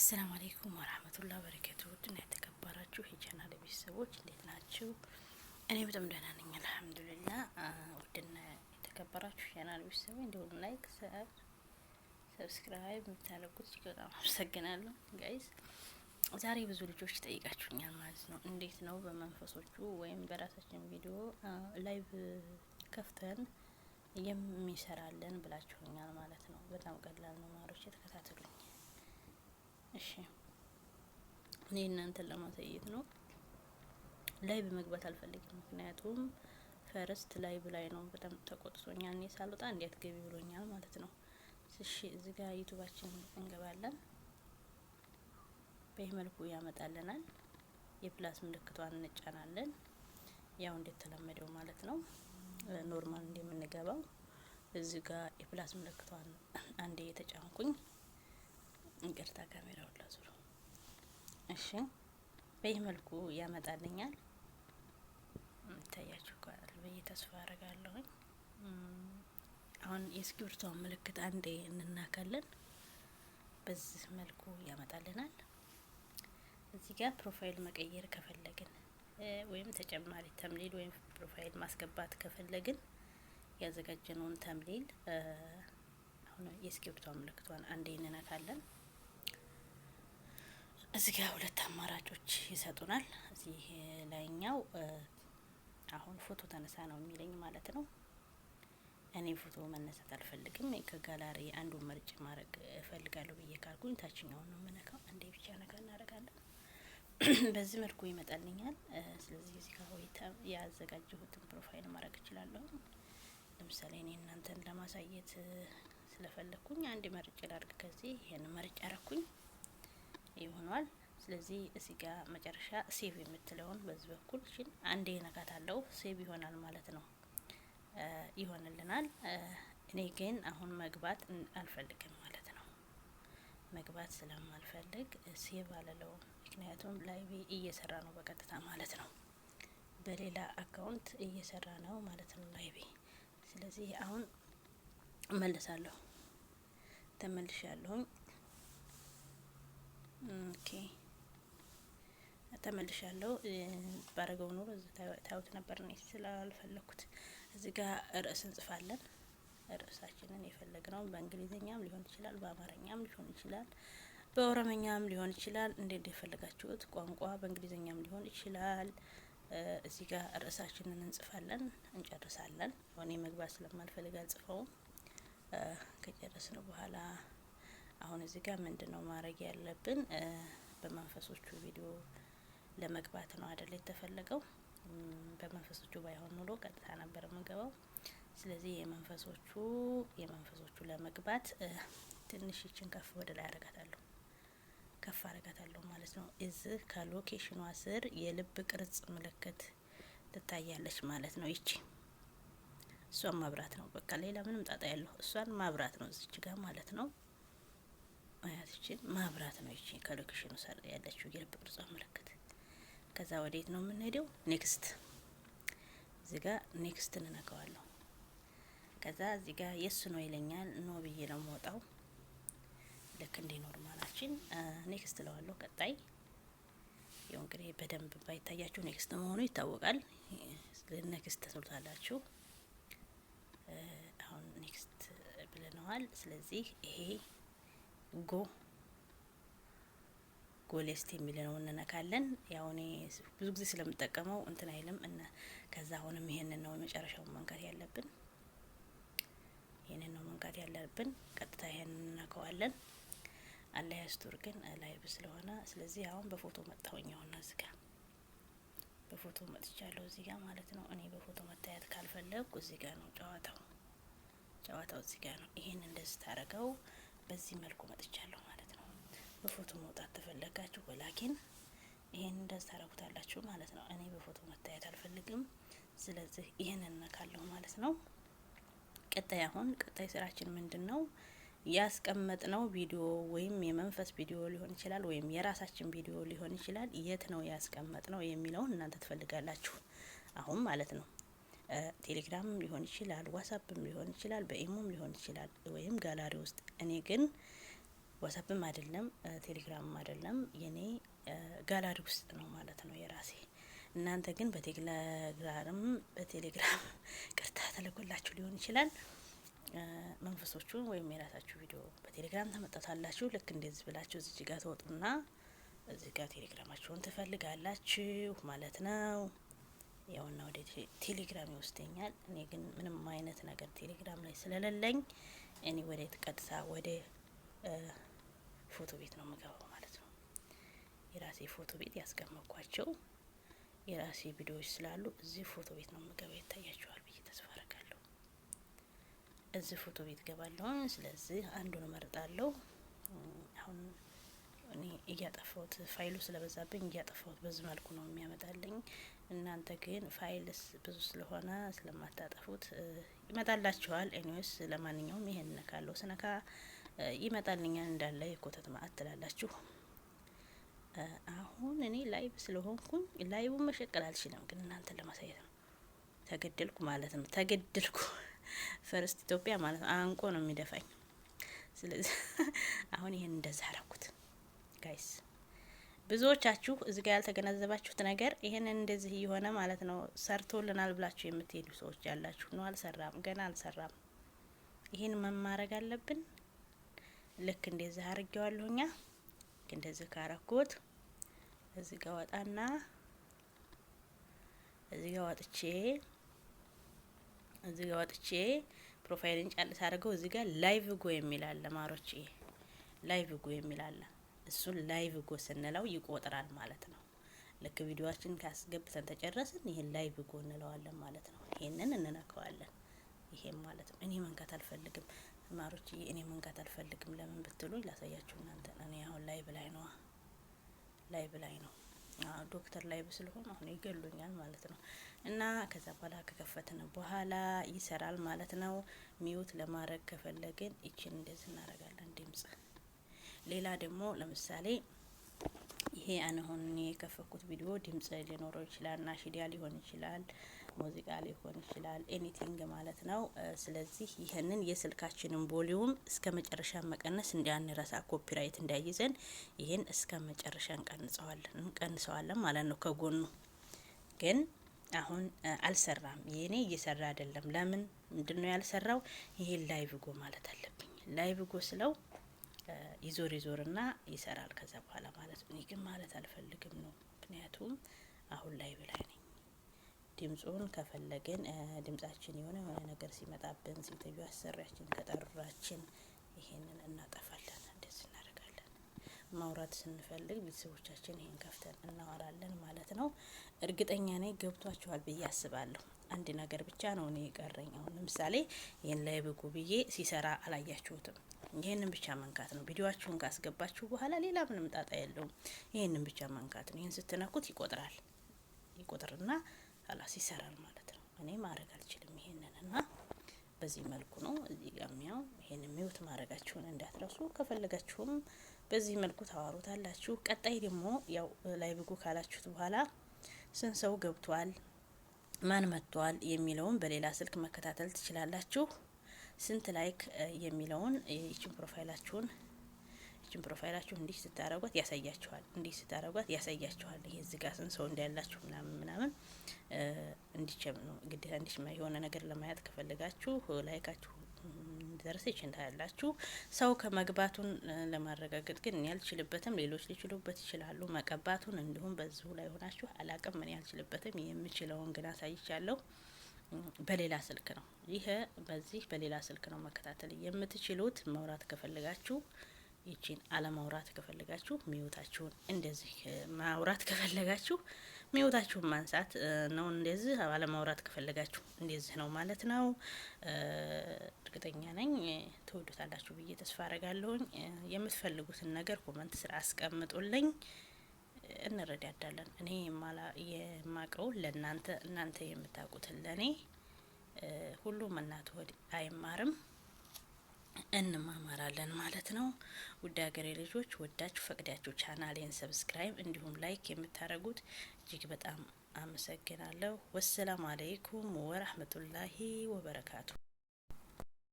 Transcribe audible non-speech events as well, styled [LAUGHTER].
አሰላሙ አሌይኩም ወራህመቱላህ በረከቱ። ውድና የተከበራችሁ የቻናል ቤተሰቦች እንዴት ናችሁ? እኔ በጣም ደህና ነኝ አልሐምዱሊላ። ውድና የተከበራችሁ የቻናል ቤተሰቦች እንዲሁም ላይክ፣ ሰብስክራይብ የምታደርጉት እጅግ በጣም አመሰግናለሁ ጋይዝ። ዛሬ ብዙ ልጆች ጠይቃችሁኛል ማለት ነው። እንዴት ነው በመንፈሶቹ ወይም በራሳችን ቪዲዮ ላይቭ ከፍተን የሚሰራለን ብላችሁኛል ማለት ነው። በጣም ቀላል ነው ማሮች፣ የተከታተሉኝ እሺ እኔ እናንተን ለማሳየት ነው። ላይ መግባት አልፈልግም። ምክንያቱም ፈርስት ላይብ ላይ ነው በጣም ተቆጥቶኛል። እኔ ሳልወጣ እንዴት ገቢ ብሎኛል ማለት ነው። እሺ እዚህ ጋር ዩቱባችን እንገባለን። በይህ መልኩ ያመጣልናል። የፕላስ ምልክቷን እንጫናለን። ያው ተለመደው ማለት ነው ኖርማል እንደምንገባው እዚህ ጋር የፕላስ ምልክቷን አንዴ የተጫንኩኝ እንቅርታ ካሜራውን ላዙሩ። እሺ፣ በይህ መልኩ ያመጣልኛል። ይታያችሁ ቃል ብዬ ተስፋ አረጋለሁኝ። አሁን የእስክሪብቶን ምልክት አንዴ እንናካለን። በዚህ መልኩ ያመጣልናል። እዚህ ጋር ፕሮፋይል መቀየር ከፈለግን ወይም ተጨማሪ ተምሌል ወይም ፕሮፋይል ማስገባት ከፈለግን ያዘጋጀነውን ተምሌል አሁን የእስክሪብቶ ምልክቷን አንዴ እንነካለን። እዚህ ጋር ሁለት አማራጮች ይሰጡናል። እዚህ ላይኛው አሁን ፎቶ ተነሳ ነው የሚለኝ ማለት ነው። እኔ ፎቶ መነሳት አልፈልግም። ከጋላሪ አንዱ መርጭ ማድረግ እፈልጋለሁ ብዬ ካልኩኝ ታችኛውን ነው የምነካው። አንዴ ብቻ ነካ እናደርጋለን። [CLEARS THROAT] በዚህ መልኩ ይመጣልኛል። ስለዚህ እዚህ ጋር ወይ ያዘጋጀሁትን ፕሮፋይል ማድረግ እችላለሁ። ለምሳሌ እኔ እናንተን ለማሳየት ስለፈለግኩኝ አንድ መርጭ ላድርግ። ከዚህ ይህን መርጭ አረኩኝ። ይሆኗል። ስለዚህ እዚህ ጋር መጨረሻ ሴቭ የምትለውን በዚህ በኩል ችን አንዴ ነካት አለው ሴቭ ይሆናል ማለት ነው ይሆንልናል። እኔ ግን አሁን መግባት አልፈልግም ማለት ነው። መግባት ስለማልፈልግ ሴቭ አለለው። ምክንያቱም ላይቭ እየሰራ ነው በቀጥታ ማለት ነው። በሌላ አካውንት እየሰራ ነው ማለት ነው ላይቭ። ስለዚህ አሁን እመልሳለሁ። ተመልሻለሁኝ። ኦኬ ተመልሻለሁ። ባረገው ኑሮ ታዩት ነበር፣ እኔ ስላልፈለኩት። እዚህ ጋር ርዕስ እንጽፋለን። ርዕሳችንን የፈለግነው በእንግሊዝኛም ሊሆን ይችላል፣ በአማርኛም ሊሆን ይችላል፣ በኦሮምኛም ሊሆን ይችላል። እንዴት የፈለጋችሁት ቋንቋ በእንግሊዝኛም ሊሆን ይችላል። እዚህ ጋር ርዕሳችንን እንጽፋለን፣ እንጨርሳለን። እኔ መግባት ስለማልፈልግ አልጽፈውም። ከጨረስነው በኋላ አሁን እዚህ ጋር ምንድን ነው ማድረግ ያለብን? በመንፈሶቹ ቪዲዮ ለመግባት ነው አደለ የተፈለገው። በመንፈሶቹ ባይሆን ኑሮ ቀጥታ ነበር የምገባው። ስለዚህ የመንፈሶቹ የመንፈሶቹ ለመግባት ትንሽ ይችን ከፍ ወደ ላይ አረጋታለሁ ከፍ አረጋታለሁ ማለት ነው። እዚህ ከሎኬሽኗ ስር የልብ ቅርጽ ምልክት ትታያለች ማለት ነው። ይቺ እሷን ማብራት ነው በቃ ሌላ ምንም ጣጣ ያለው እሷን ማብራት ነው እዚች ጋር ማለት ነው። አያትችን ማብራት ነው። ይቺ ከሎኬሽኑ ሰር ያለችው የልብ ቅርጿ ምልክት። ከዛ ወዴት ነው የምንሄደው? ኔክስት። እዚህ ጋር ኔክስት እንነካዋለሁ። ከዛ እዚህ ጋር የሱ ነው ይለኛል። ኖ ብዬ ነው መውጣው። ልክ እንደ ኖርማላችን ኔክስት ለዋለሁ። ቀጣይ ይሁን እንግዲህ በደንብ ባይታያችሁ ኔክስት መሆኑ ይታወቃል። ኔክስት ተስሉታላችሁ። አሁን ኔክስት ብለነዋል። ስለዚህ ይሄ ጎ ጎሌስት የሚለውን እንነካለን። ያው እኔ ብዙ ጊዜ ስለምጠቀመው እንትን አይልም እና ከዛ አሁንም ይሄንን ነው የመጨረሻውን መንካት ያለብን። ይሄንን ነው መንካት ያለብን። ቀጥታ ይሄንን እናከዋለን። አላህ ያስቱር። ግን ላይቭ ስለሆነ ስለዚህ አሁን በፎቶ መጣሁኝ። አሁን እዚጋ በፎቶ መጥቻለሁ እዚህ ጋር ማለት ነው። እኔ በፎቶ መታየት ካልፈለግኩ እዚህ ጋር ነው ጨዋታው። ጨዋታው እዚህ ጋር ነው። ይሄን እንደዚህ ታረገው በዚህ መልኩ መጥቻለሁ ማለት ነው። በፎቶ መውጣት ተፈለጋችሁ ወላኪን ይሄን እንደዛ ታረጉታላችሁ ማለት ነው። እኔ በፎቶ መታየት አልፈልግም። ስለዚህ ይሄን እነካለሁ ማለት ነው። ቀጣይ አሁን ቀጣይ ስራችን ምንድን ነው? ያስቀመጥ ነው ቪዲዮ ወይም የመንፈስ ቪዲዮ ሊሆን ይችላል፣ ወይም የራሳችን ቪዲዮ ሊሆን ይችላል። የት ነው ያስቀመጥ ነው የሚለውን እናንተ ትፈልጋላችሁ አሁን ማለት ነው። ቴሌግራም ሊሆን ይችላል፣ ዋትሳፕም ሊሆን ይችላል፣ በኢሞም ሊሆን ይችላል ወይም ጋላሪ ውስጥ። እኔ ግን ዋትሳፕም አይደለም ቴሌግራምም አይደለም የኔ ጋላሪ ውስጥ ነው ማለት ነው የራሴ። እናንተ ግን በቴሌግራምም በቴሌግራም [LAUGHS] ቅርታ ተለጎላችሁ ሊሆን ይችላል መንፈሶቹ ወይም የራሳችሁ ቪዲዮ በቴሌግራም ተመጣታላችሁ። ልክ እንደዚህ ብላችሁ እዚህ ጋር ተወጡና እዚህ ጋር ቴሌግራማችሁን ትፈልጋላችሁ ማለት ነው። ያውና ወደ ቴሌግራም ይወስደኛል። እኔ ግን ምንም አይነት ነገር ቴሌግራም ላይ ስለሌለኝ እኔ ወደ ቀጥታ ወደ ፎቶ ቤት ነው የምገባው ማለት ነው። የራሴ ፎቶ ቤት ያስቀመጥኳቸው የራሴ ቪዲዮዎች ስላሉ እዚህ ፎቶ ቤት ነው የምገባው። ይታያቸዋል ብዬ ተስፋ አረጋለሁ። እዚህ ፎቶ ቤት ገባለሁን። ስለዚህ አንዱን እመርጣለሁ። አሁን እኔ እያጠፋሁት ፋይሉ ስለበዛብኝ እያጠፋሁት በዚህ መልኩ ነው የሚያመጣልኝ። እናንተ ግን ፋይልስ ብዙ ስለሆነ ስለማታጠፉት ይመጣላችኋል። ኤኒዌይስ ለማንኛውም ይሄን ነካለው ስነካ ይመጣልኛል እንዳለ የኮተት ማአት ትላላችሁ። አሁን እኔ ላይቭ ስለሆንኩኝ ላይቡን መሸቀል አልችልም፣ ግን እናንተን ለማሳየት ነው። ተገደልኩ ማለት ነው። ተገደልኩ [LAUGHS] ፈርስት ኢትዮጵያ ማለት ነው። አንቆ ነው የሚደፋኝ። ስለዚህ [LAUGHS] አሁን ይሄን እንደዛ አረኩት ጋይስ ብዙዎቻችሁ እዚ ጋ ያልተገነዘባችሁት ነገር ይህንን እንደዚህ እየሆነ ማለት ነው ሰርቶልናል ብላችሁ የምትሄዱ ሰዎች ያላችሁ ነው። አልሰራም፣ ገና አልሰራም። ይህን መማረግ አለብን። ልክ እንደዚህ አርጌዋለሁ። እኛ እንደዚህ ካረኩት እዚ ጋ ወጣና እዚ ጋ ወጥቼ እዚ ጋ ወጥቼ ፕሮፋይልን ጫልስ አድርገው እዚ ጋ ላይቭ ጎ የሚላለ ማሮች ላይቭ ጎ የሚላለ እሱን ላይቭ ጎ ስንለው ይቆጥራል ማለት ነው። ልክ ቪዲዮችን ካስገብተን ተጨረስን ይህን ላይቭ ጎ እንለዋለን ማለት ነው። ይሄንን እንነካዋለን። ይሄም ማለት ነው። እኔ መንካት አልፈልግም ማሮች፣ እኔ መንካት አልፈልግም። ለምን ብትሉ ላሳያችሁ እናንተ። እኔ አሁን ላይቭ ላይ ነው፣ ላይቭ ላይ ነው። ዶክተር ላይቭ ስለሆነ አሁን ይገሉኛል ማለት ነው። እና ከዛ በኋላ ከከፈትን በኋላ ይሰራል ማለት ነው። ሚዩት ለማድረግ ከፈለግን ይችን እንደዚህ እናደርጋለን ድምጽ ሌላ ደግሞ ለምሳሌ ይሄ አሁን የከፈኩት ቪዲዮ ድምጽ ሊኖረው ይችላል፣ ናሽዲያ ሊሆን ይችላል፣ ሙዚቃ ሊሆን ይችላል፣ ኤኒቲንግ ማለት ነው። ስለዚህ ይህንን የስልካችንን ቮሊዩም እስከ መጨረሻ መቀነስ እንዳንረሳ፣ ኮፒራይት እንዳይዘን ይህን እስከ መጨረሻ እንቀንሰዋለን ማለት ነው። ከጎኑ ግን አሁን አልሰራም፣ የኔ እየሰራ አይደለም። ለምን ምንድን ነው ያልሰራው? ይሄን ላይቭ ጎ ማለት አለብኝ። ላይቭ ጎ ስለው ይዞር ይዞርና ይሰራል ከዛ በኋላ ማለት ነው። ግን ማለት አልፈልግም ነው። ምክንያቱም አሁን ላይ ብላይ ነኝ። ድምፁን ከፈለግን ድምጻችን የሆነ የሆነ ነገር ሲመጣብን ሴትዮ አሰሪያችን ከጠራችን ይሄንን እናጠፋለን፣ እንደዚህ እናደርጋለን። ማውራት ስንፈልግ ቤተሰቦቻችን ይሄን ከፍተን እናወራለን ማለት ነው። እርግጠኛ ነኝ ገብቷችኋል ብዬ አስባለሁ። አንድ ነገር ብቻ ነው እኔ የቀረኝ። አሁን ለምሳሌ ይህን ላይ ብጉ ብዬ ሲሰራ አላያችሁትም። ይህንን ብቻ መንካት ነው። ቪዲዮችሁን ካስገባችሁ በኋላ ሌላ ምንም ጣጣ የለውም። ይህንን ብቻ መንካት ነው። ይህን ስትነኩት ይቆጥራል። ይቆጥርና ላስ ይሰራል ማለት ነው። እኔ ማድረግ አልችልም ይሄንን እና በዚህ መልኩ ነው። እዚህ ጋር የሚያው ይሄን የሚዩት ማድረጋችሁን እንዳትረሱ። ከፈለጋችሁም በዚህ መልኩ ታዋሩታላችሁ። ቀጣይ ደግሞ ያው ላይ ብጉ ካላችሁት በኋላ ስንት ሰው ገብቷል፣ ማን መጥቷል የሚለውን በሌላ ስልክ መከታተል ትችላላችሁ። ስንት ላይክ የሚለውን ይችን ፕሮፋይላችሁን ይችን ፕሮፋይላችሁ እንዲህ ስታረጓት ያሳያችኋል። እንዲህ ስታረጓት ያሳያችኋል። ይሄ እዚህ ጋር ስንት ሰው እንዳላችሁ ምናምን ምናምን እንዲቸም ነው ግዴታ እንዲች የሆነ ነገር ለማየት ከፈለጋችሁ ላይካችሁ ደረሰ ይችላል ታያላችሁ። ሰው ከመግባቱን ለማረጋገጥ ግን እኔ ሌሎች ሊችሉበት ይችላሉ። መቀባቱን እንዲሁም በዚሁ ላይ ሆናችሁ አላቅም፣ እኔ ያልችልበትም፣ የምችለውን ግን አሳይቻለሁ። በሌላ ስልክ ነው። ይህ በዚህ በሌላ ስልክ ነው መከታተል የምትችሉት። መውራት ከፈለጋችሁ ይቺን አለማውራት ከፈለጋችሁ ሚወታችሁን እንደዚህ ማውራት ከፈለጋችሁ ሚወታችሁን ማንሳት ነው። እንደዚህ አለማውራት ከፈለጋችሁ እንደዚህ ነው ማለት ነው። እርግጠኛ ነኝ ትወዱታላችሁ ብዬ ተስፋ አረጋለሁኝ። የምትፈልጉትን ነገር ኮመንት ስራ አስቀምጡልኝ። እንረዳዳለን። እኔ የማቀው ለእናንተ እናንተ የምታውቁትን ለእኔ። ሁሉም እናት ወድ አይማርም እንማማራለን ማለት ነው። ውድ ሀገሬ ልጆች ወዳችሁ ፈቅዳችሁ ቻናሌን ሰብስክራይብ እንዲሁም ላይክ የምታደርጉት እጅግ በጣም አመሰግናለሁ። ወሰላሙ አለይኩም ወራህመቱላሂ ወበረካቱ።